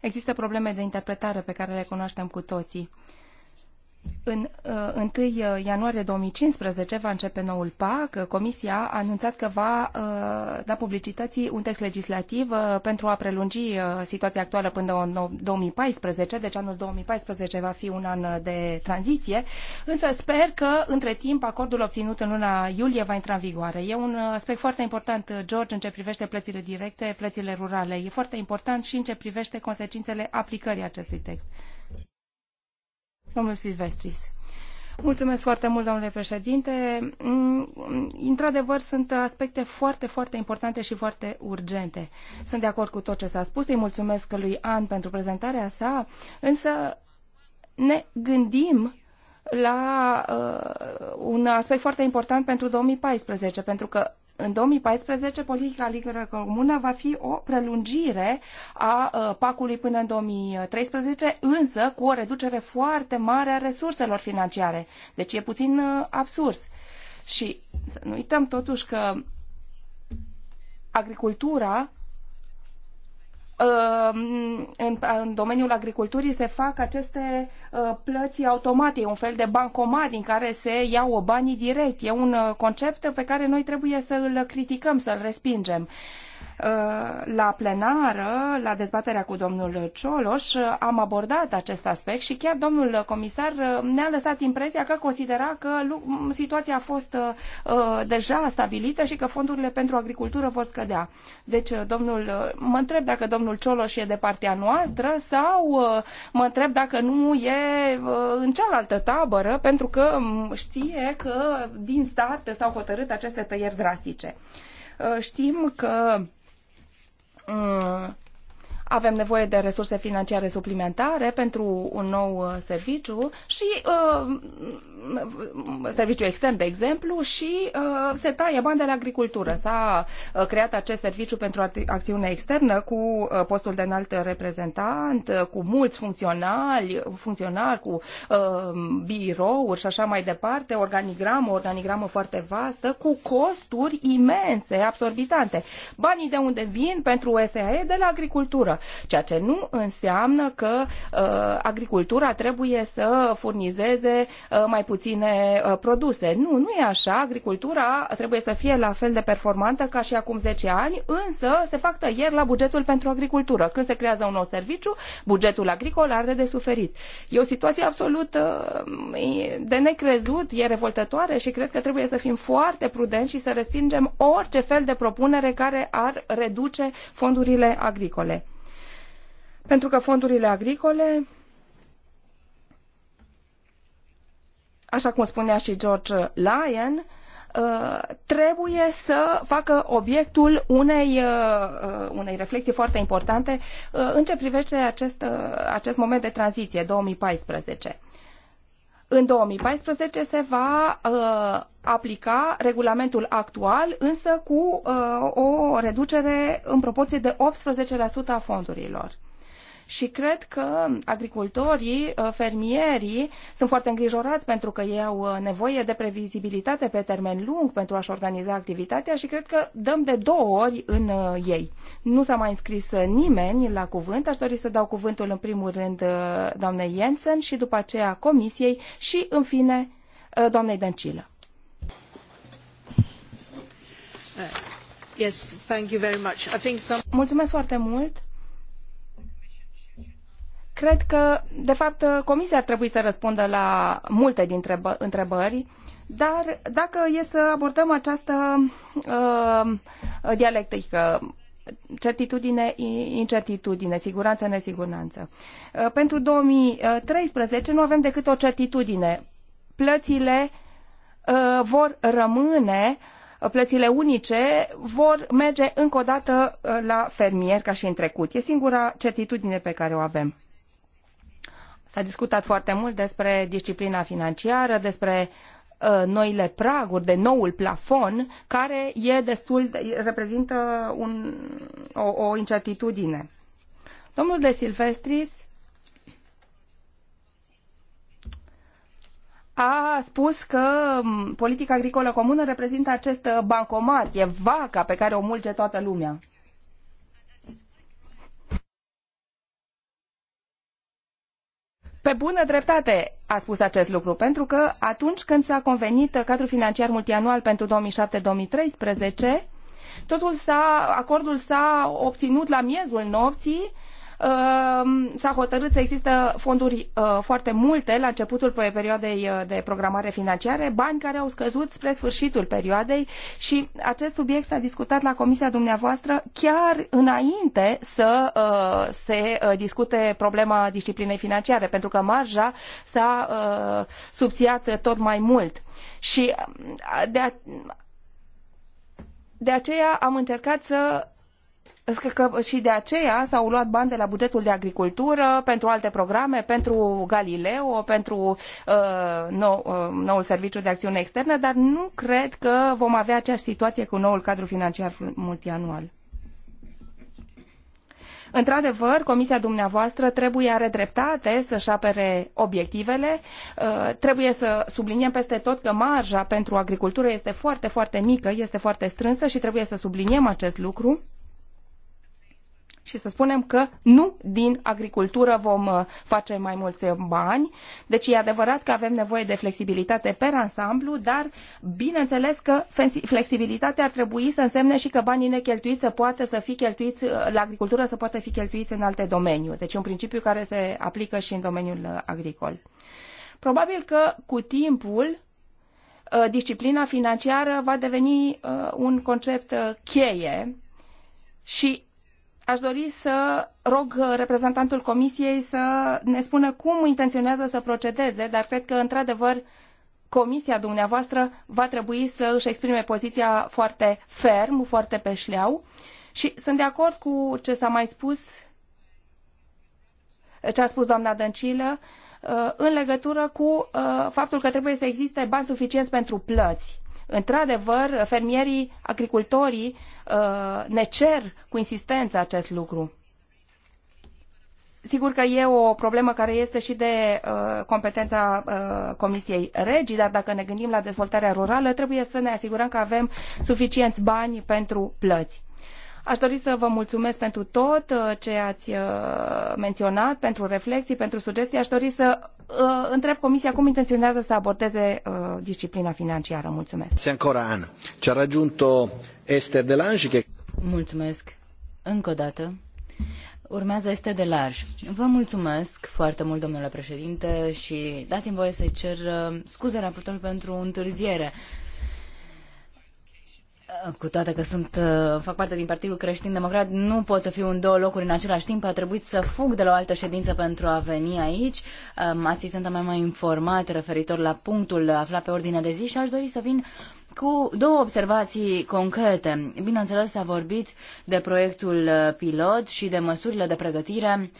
Există probleme de interpretare pe care le cunoaștem cu toții. În 1 uh, uh, ianuarie 2015 va începe noul PAC. Comisia a anunțat că va uh, da publicității un text legislativ pentru a prelungi situația actuală până în 2014, deci anul 2014 va fi un an de tranziție, însă sper că între timp acordul obținut în luna iulie va intra în vigoare. E un aspect foarte important, George, în ce privește plățile directe, plățile rurale. E foarte important și în ce privește consecințele aplicării acestui text. Domnul Silvestris. Mulțumesc foarte mult, domnule președinte. Mm, într-adevăr, sunt aspecte foarte, foarte importante și foarte urgente. Sunt de acord cu tot ce s-a spus. Îi mulțumesc lui An pentru prezentarea sa, însă ne gândim la uh, un aspect foarte important pentru 2014, pentru că în 2014, politica agricolă comună va fi o prelungire a uh, pacului până în 2013, însă cu o reducere foarte mare a resurselor financiare. Deci e puțin uh, absurd. Și să nu uităm totuși că agricultura Uh, în, în domeniul agriculturii se fac aceste uh, plăți automate, un fel de bancomat din care se iau banii direct. E un uh, concept pe care noi trebuie să îl criticăm, să-l respingem. Uh, la plenară, la dezbaterea cu domnul Cioloș, uh, am abordat acest aspect și chiar domnul comisar uh, ne-a lăsat impresia că considera că situația a fost deja stabilită și că fondurile pentru agricultură vor scădea. Deci, domnul, mă întreb dacă domnul Cioloș e de partea noastră sau mă întreb dacă nu e în cealaltă tabără, pentru că știe că din start s-au hotărât aceste tăieri drastice. Știm că uh, avem nevoie de resurse financiare suplimentare pentru un nou uh, serviciu și uh, serviciu extern, de exemplu, și uh, se taie bani de la agricultură. S-a uh, creat acest serviciu pentru acțiune externă cu uh, postul de înalt reprezentant, uh, cu mulți funcționali, funcționari, cu uh, birouri și așa mai departe, organigramă, organigramă foarte vastă, cu costuri imense, absorbitante. Banii de unde vin pentru SAE? De la agricultură ceea ce nu înseamnă că uh, agricultura trebuie să furnizeze uh, mai puține uh, produse. Nu, nu e așa. Agricultura trebuie să fie la fel de performantă ca și acum 10 ani, însă se fac ieri la bugetul pentru agricultură. Când se creează un nou serviciu, bugetul agricol are de suferit. E o situație absolut de necrezut, e revoltătoare și cred că trebuie să fim foarte prudenți și să respingem orice fel de propunere care ar reduce fondurile agricole pentru că fondurile agricole, așa cum spunea și George Lyon, uh, trebuie să facă obiectul unei, uh, uh, unei reflexii foarte importante în ce privește acest, acest moment de tranziție, 2014. În 2014 se va uh, aplica regulamentul actual, însă cu uh, o reducere în proporție de 18% a fondurilor și cred că agricultorii, uh, fermierii sunt foarte îngrijorați pentru că ei au uh, nevoie de previzibilitate pe termen lung pentru a-și organiza activitatea și cred că dăm de două ori în uh, ei. Nu s-a mai înscris nimeni la cuvânt. Aș dori să dau cuvântul în primul rând doamnei Jensen și după aceea comisiei și, în fine, doamnei Dăncilă. Mulțumesc foarte mult. Cred că, de fapt, Comisia ar trebui să răspundă la multe dintre întrebări, dar dacă e să abordăm această uh, dialectică, certitudine, incertitudine, siguranță, nesiguranță. Uh, pentru 2013 nu avem decât o certitudine. Plățile uh, vor rămâne plățile unice vor merge încă o dată uh, la fermier ca și în trecut. E singura certitudine pe care o avem. S-a discutat foarte mult despre disciplina financiară, despre uh, noile praguri, de noul plafon, care e destul, de reprezintă un, o, o incertitudine. Domnul de Silvestris a spus că um, politica agricolă comună reprezintă acest uh, bancomat, e vaca pe care o mulge toată lumea. pe bună dreptate a spus acest lucru, pentru că atunci când s-a convenit cadrul financiar multianual pentru 2007-2013, totul s-a, acordul s-a obținut la miezul nopții Ehm, s-a hotărât să există fonduri uh, foarte multe la începutul perioadei uh, de programare financiare, bani care au scăzut spre sfârșitul perioadei și acest subiect s-a discutat la comisia dumneavoastră chiar înainte să uh, se discute problema disciplinei financiare, pentru că marja s-a subțiat tot mai mult. Și de, a... de aceea am încercat să Cred că și de aceea s-au luat bani de la bugetul de agricultură pentru alte programe, pentru Galileo, pentru uh, nou, uh, noul serviciu de acțiune externă, dar nu cred că vom avea aceeași situație cu noul cadru financiar multianual. Într-adevăr, comisia dumneavoastră trebuie are dreptate să-și apere obiectivele, uh, trebuie să subliniem peste tot că marja pentru agricultură este foarte, foarte mică, este foarte strânsă și trebuie să subliniem acest lucru și să spunem că nu din agricultură vom uh, face mai mulți uh, bani. Deci e adevărat că avem nevoie de flexibilitate pe ansamblu, dar bineînțeles că flexibilitatea ar trebui să însemne și că banii necheltuiți să poată să fie cheltuiți uh, la agricultură, să poată fi cheltuiți în alte domenii. Deci un principiu care se aplică și în domeniul agricol. Probabil că cu timpul disciplina financiară va deveni un concept cheie și aș dori să rog reprezentantul Comisiei să ne spună cum intenționează să procedeze, dar cred că, într-adevăr, Comisia dumneavoastră va trebui să își exprime poziția foarte ferm, foarte pe șleau. Și sunt de acord cu ce s-a mai spus, ce a spus doamna Dăncilă, uh, în legătură cu uh, faptul că trebuie să existe bani suficienți pentru plăți. Într-adevăr, fermierii, agricultorii Uh, ne cer cu insistență acest lucru. Sigur că e o problemă care este și de uh, competența uh, Comisiei Regii, dar dacă ne gândim la dezvoltarea rurală, trebuie să ne asigurăm că avem suficienți bani pentru plăți. Aș dori să vă mulțumesc pentru tot uh, ce ați uh, menționat, pentru reflexii, pentru sugestii. Aș dori să uh, întreb Comisia cum intenționează să abordeze disciplina financiară. Mulțumesc. Se ancora Ana. Ce-a raggiunto Esther Delange? Che... Mulțumesc. Încă o dată. Urmează este de larg. Vă mulțumesc foarte mult, domnule președinte, și dați-mi voie să-i cer scuze raportorului pentru întârziere. Cu toate că sunt, uh, fac parte din Partidul Creștin Democrat, nu pot să fiu în două locuri în același timp. A trebuit să fug de la o altă ședință pentru a veni aici. Asistenta mea mai informat referitor la punctul aflat pe ordinea de zi și aș dori să vin cu două observații concrete. Bineînțeles, s-a vorbit de proiectul uh, pilot și de măsurile de pregătire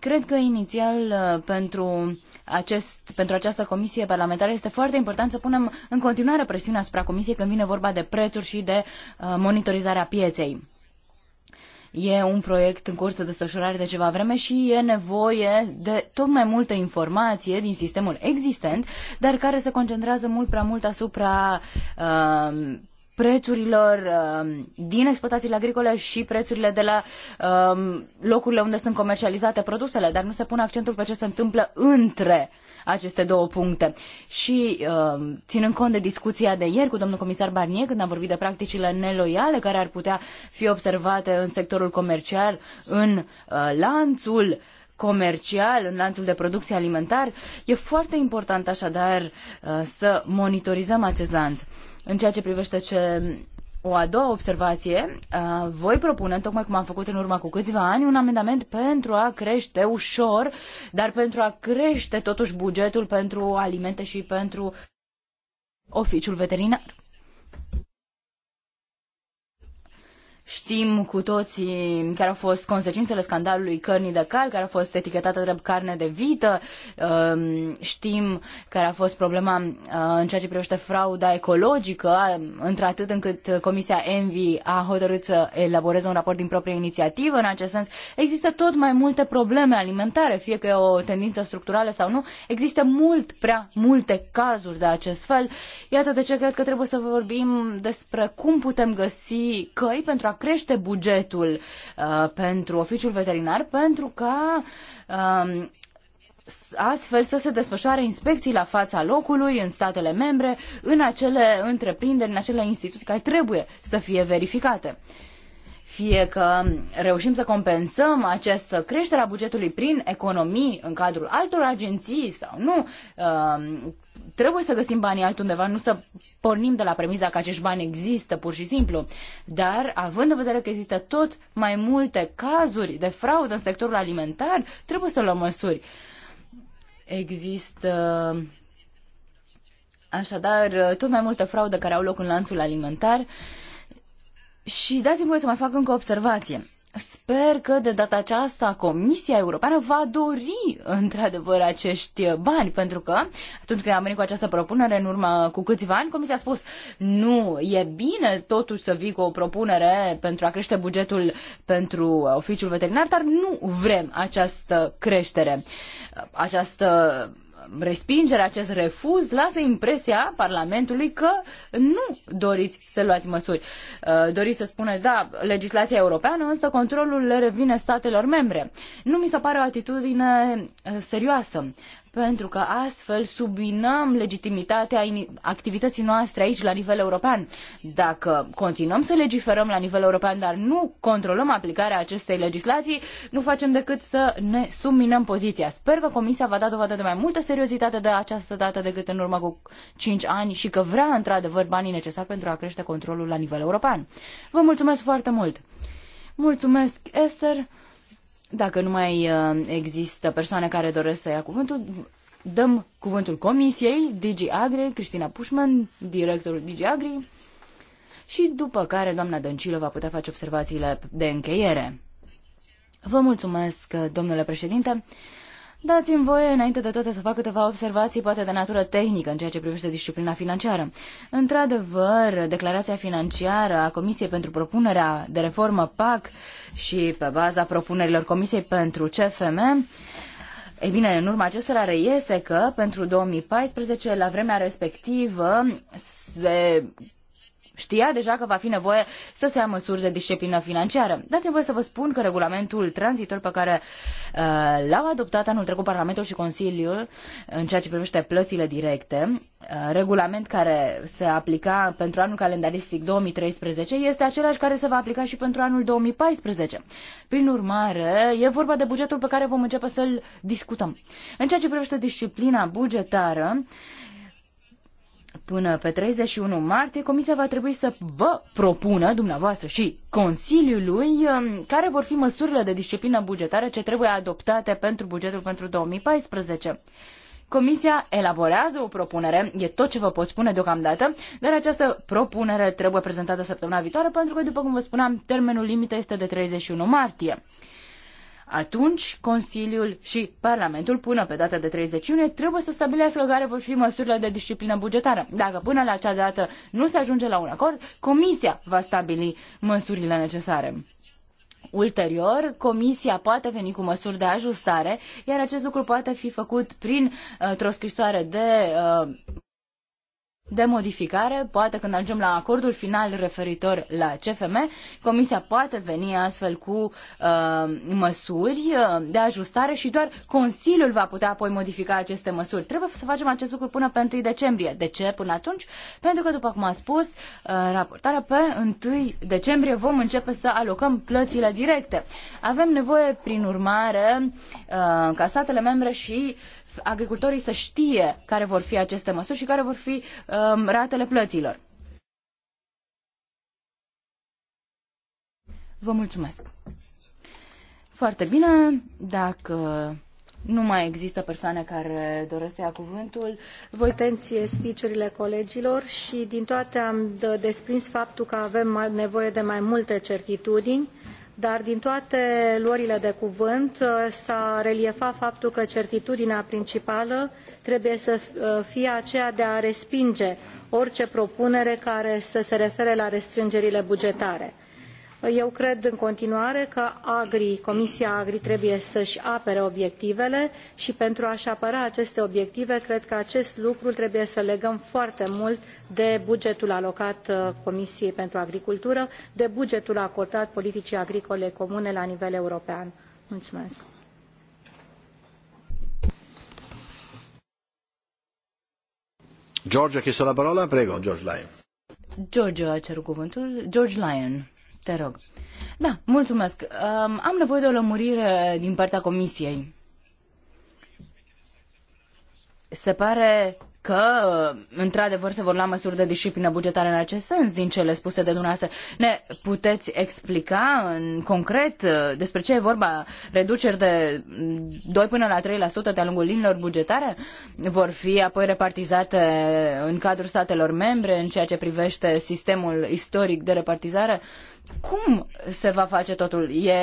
Cred că inițial uh, pentru, acest, pentru această comisie parlamentară este foarte important să punem în continuare presiunea asupra comisiei când vine vorba de prețuri și de uh, monitorizarea pieței. E un proiect în curs de desfășurare de ceva vreme și e nevoie de tot mai multă informație din sistemul existent, dar care se concentrează mult prea mult asupra uh, prețurilor um, din exploatațiile agricole și prețurile de la um, locurile unde sunt comercializate produsele, dar nu se pune accentul pe ce se întâmplă între aceste două puncte. Și um, ținând cont de discuția de ieri cu domnul comisar Barnier, când am vorbit de practicile neloiale care ar putea fi observate în sectorul comercial, în uh, lanțul comercial, în lanțul de producție alimentar, e foarte important așadar uh, să monitorizăm acest lanț. În ceea ce privește ce o a doua observație, uh, voi propune, tocmai cum am făcut în urmă cu câțiva ani, un amendament pentru a crește ușor, dar pentru a crește totuși bugetul pentru alimente și pentru oficiul veterinar. Știm cu toții care au fost consecințele scandalului cărnii de cal, care a fost etichetată drept carne de vită. Ehm, știm care a fost problema eh, în ceea ce privește frauda ecologică, într-atât încât Comisia Envi a hotărât să elaboreze un raport din proprie inițiativă în acest sens. Există tot mai multe probleme alimentare, fie că e o tendință structurală sau nu. Există mult, prea multe cazuri de acest fel. Iată de ce cred că trebuie să vorbim despre cum putem găsi căi pentru a crește bugetul uh, pentru oficiul veterinar pentru ca uh, astfel să se desfășoare inspecții la fața locului în statele membre, în acele întreprinderi, în acele instituții care trebuie să fie verificate fie că reușim să compensăm această creștere a bugetului prin economii în cadrul altor agenții sau nu, um, Trebuie să găsim banii altundeva, nu să pornim de la premiza că acești bani există pur și simplu. Dar, având în vedere că există tot mai multe cazuri de fraudă în sectorul alimentar, trebuie să luăm măsuri. Există așadar tot mai multe fraude care au loc în lanțul alimentar. Și dați-mi voie să mai fac încă o observație. Sper că de data aceasta Comisia Europeană va dori într-adevăr acești bani, pentru că atunci când am venit cu această propunere în urmă cu câțiva ani, Comisia a spus nu, e bine totuși să vii cu o propunere pentru a crește bugetul pentru oficiul veterinar, dar nu vrem această creștere, această respingerea, acest refuz lasă impresia Parlamentului că nu doriți să luați măsuri. Uh, doriți să spuneți, da, legislația europeană, însă controlul le revine statelor membre. Nu mi se pare o atitudine uh, serioasă pentru că astfel subminăm legitimitatea activității noastre aici la nivel european. Dacă continuăm să legiferăm la nivel european, dar nu controlăm aplicarea acestei legislații, nu facem decât să ne subminăm poziția. Sper că Comisia va da dovadă de mai multă seriozitate de această dată decât în urmă cu 5 ani și că vrea într-adevăr banii necesari pentru a crește controlul la nivel european. Vă mulțumesc foarte mult! Mulțumesc, Esther! Dacă nu mai uh, există persoane care doresc să ia cuvântul, dăm cuvântul comisiei, DG Agri, Cristina Pușman, directorul DG Agri, și după care doamna Dăncilă va putea face observațiile de încheiere. Vă mulțumesc, domnule președinte. Dați-mi voie, înainte de toate, să fac câteva observații, poate de natură tehnică, în ceea ce privește disciplina financiară. Într-adevăr, declarația financiară a Comisiei pentru propunerea de reformă PAC și pe baza propunerilor Comisiei pentru CFM ei bine, în urma acestora reiese că pentru 2014, la vremea respectivă, se știa deja că va fi nevoie să se ia măsuri de disciplină financiară. Dați-mi voie să vă spun că regulamentul tranzitor pe care uh, l-au adoptat anul trecut Parlamentul și Consiliul în ceea ce privește plățile directe, uh, regulament care se aplica pentru anul calendaristic 2013, este același care se va aplica și pentru anul 2014. Prin urmare, e vorba de bugetul pe care vom începe să-l discutăm. În ceea ce privește disciplina bugetară, Până pe 31 martie, Comisia va trebui să vă propună, dumneavoastră și Consiliului, um, care vor fi măsurile de disciplină bugetară ce trebuie adoptate pentru bugetul pentru 2014. Comisia elaborează o propunere, e tot ce vă pot spune deocamdată, dar această propunere trebuie prezentată săptămâna viitoare pentru că, după cum vă spuneam, termenul limită este de 31 martie atunci Consiliul și Parlamentul, până pe data de 30 iunie, trebuie să stabilească care vor fi măsurile de disciplină bugetară. Dacă până la acea dată nu se ajunge la un acord, Comisia va stabili măsurile necesare. Ulterior, comisia poate veni cu măsuri de ajustare, iar acest lucru poate fi făcut prin uh, o scrisoare de uh, de modificare, poate când ajungem la acordul final referitor la CFM, Comisia poate veni astfel cu uh, măsuri uh, de ajustare și doar Consiliul va putea apoi modifica aceste măsuri. Trebuie să facem acest lucru până pe 1 decembrie. De ce până atunci? Pentru că, după cum am spus, uh, raportarea pe 1 decembrie vom începe să alocăm plățile directe. Avem nevoie, prin urmare, uh, ca statele membre și agricultorii să știe care vor fi aceste măsuri și care vor fi um, ratele plăților. Vă mulțumesc. Foarte bine. Dacă nu mai există persoane care doresc să ia cuvântul. Voi tenție speech-urile colegilor și din toate am desprins faptul că avem nevoie de mai multe certitudini dar din toate luările de cuvânt uh, s-a reliefat faptul că certitudinea principală trebuie să uh, fie aceea de a respinge orice propunere care să se refere la restrângerile bugetare. Eu cred în continuare că Agri, Comisia Agri trebuie să-și apere obiectivele și pentru a-și apăra aceste obiective, cred că acest lucru trebuie să legăm foarte mult de bugetul alocat uh, Comisiei pentru Agricultură, de bugetul acordat politicii agricole comune la nivel european. Mulțumesc! George a chiesto la parola, prego, George Lyon. George a cerut cuvântul, George Lyon. Te rog. Da, mulțumesc. Um, am nevoie de o lămurire din partea comisiei. Se pare că, într-adevăr, se vor lua măsuri de disciplină bugetară în acest sens, din cele spuse de dumneavoastră. Ne puteți explica în concret despre ce e vorba? Reduceri de 2 până la 3% de-a lungul linilor bugetare vor fi apoi repartizate în cadrul statelor membre în ceea ce privește sistemul istoric de repartizare? Cum se va face totul? E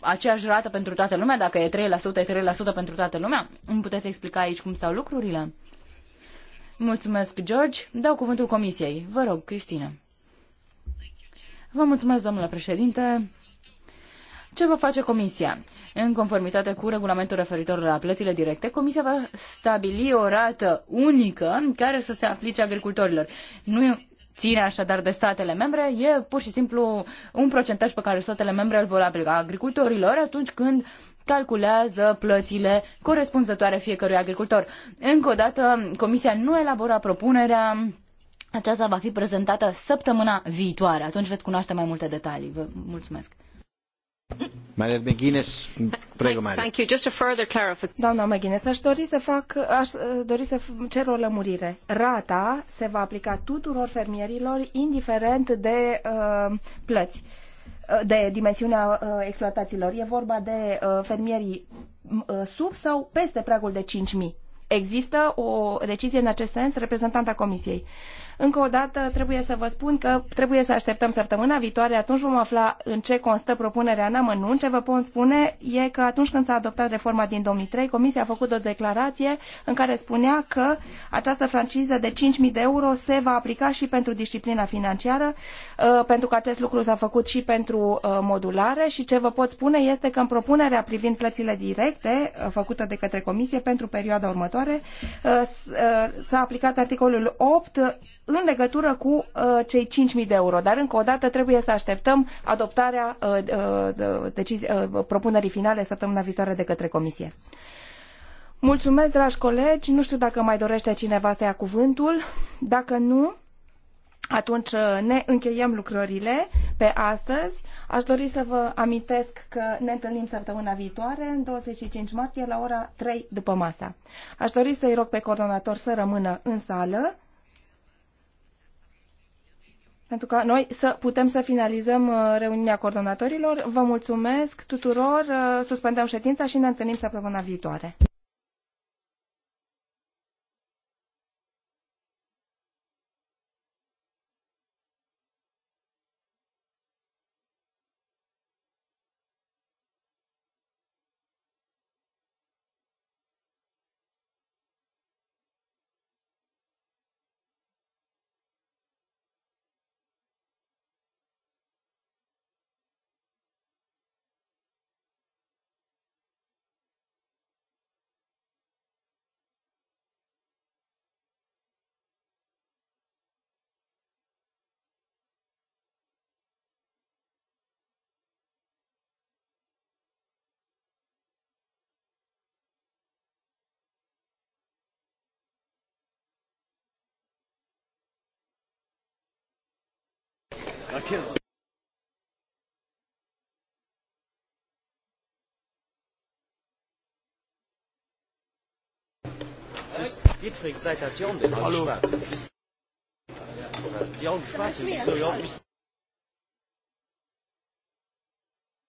aceeași rată pentru toată lumea? Dacă e 3%, e 3% pentru toată lumea? Îmi puteți explica aici cum stau lucrurile? Mulțumesc, George. Dau cuvântul comisiei. Vă rog, Cristina. Vă mulțumesc, domnule președinte. Ce va face Comisia? În conformitate cu regulamentul referitor la plățile directe, Comisia va stabili o rată unică care să se aplice agricultorilor. Nu ține așadar de statele membre, e pur și simplu un procentaj pe care statele membre îl vor aplica agricultorilor atunci când calculează plățile corespunzătoare fiecărui agricultor. Încă o dată, Comisia nu elabora propunerea aceasta va fi prezentată săptămâna viitoare. Atunci veți cunoaște mai multe detalii. Vă mulțumesc. Maria McGuinness, prego Maria. Thank you. Just a further clarification. Doamna McGuinness, aș dori să fac, aș dori să cer o lămurire. Rata se va aplica tuturor fermierilor, indiferent de uh, plăți. Uh, de dimensiunea uh, exploatațiilor. E vorba de uh, fermierii uh, sub sau peste pragul de 5.000. Există o decizie în acest sens, reprezentanta Comisiei. Încă o dată trebuie să vă spun că trebuie să așteptăm săptămâna viitoare, atunci vom afla în ce constă propunerea în amănunt. Ce vă pot spune e că atunci când s-a adoptat reforma din 2003, Comisia a făcut o declarație în care spunea că această franciză de 5.000 de euro se va aplica și pentru disciplina financiară. Uh, pentru că acest lucru s-a făcut și pentru uh, modulare și ce vă pot spune este că în propunerea privind plățile directe uh, făcută de către Comisie pentru perioada următoare s-a aplicat articolul 8 în legătură cu cei 5.000 de euro, dar încă o dată trebuie să așteptăm adoptarea propunerii finale săptămâna viitoare de către Comisie. Mulțumesc, dragi colegi. Nu știu dacă mai dorește cineva să ia cuvântul. Dacă nu, atunci uh, ne încheiem lucrările pe astăzi. Aș dori să vă amintesc că ne întâlnim săptămâna viitoare, în 25 martie, la ora 3 după masa. Aș dori să-i rog pe coordonator să rămână în sală, pentru că noi să putem să finalizăm uh, reuniunea coordonatorilor. Vă mulțumesc tuturor, uh, suspendăm ședința și ne întâlnim săptămâna viitoare. kids Dietrich, seid ihr Dion, den Hallo. Schwarz. Dion Schwarz, so ja.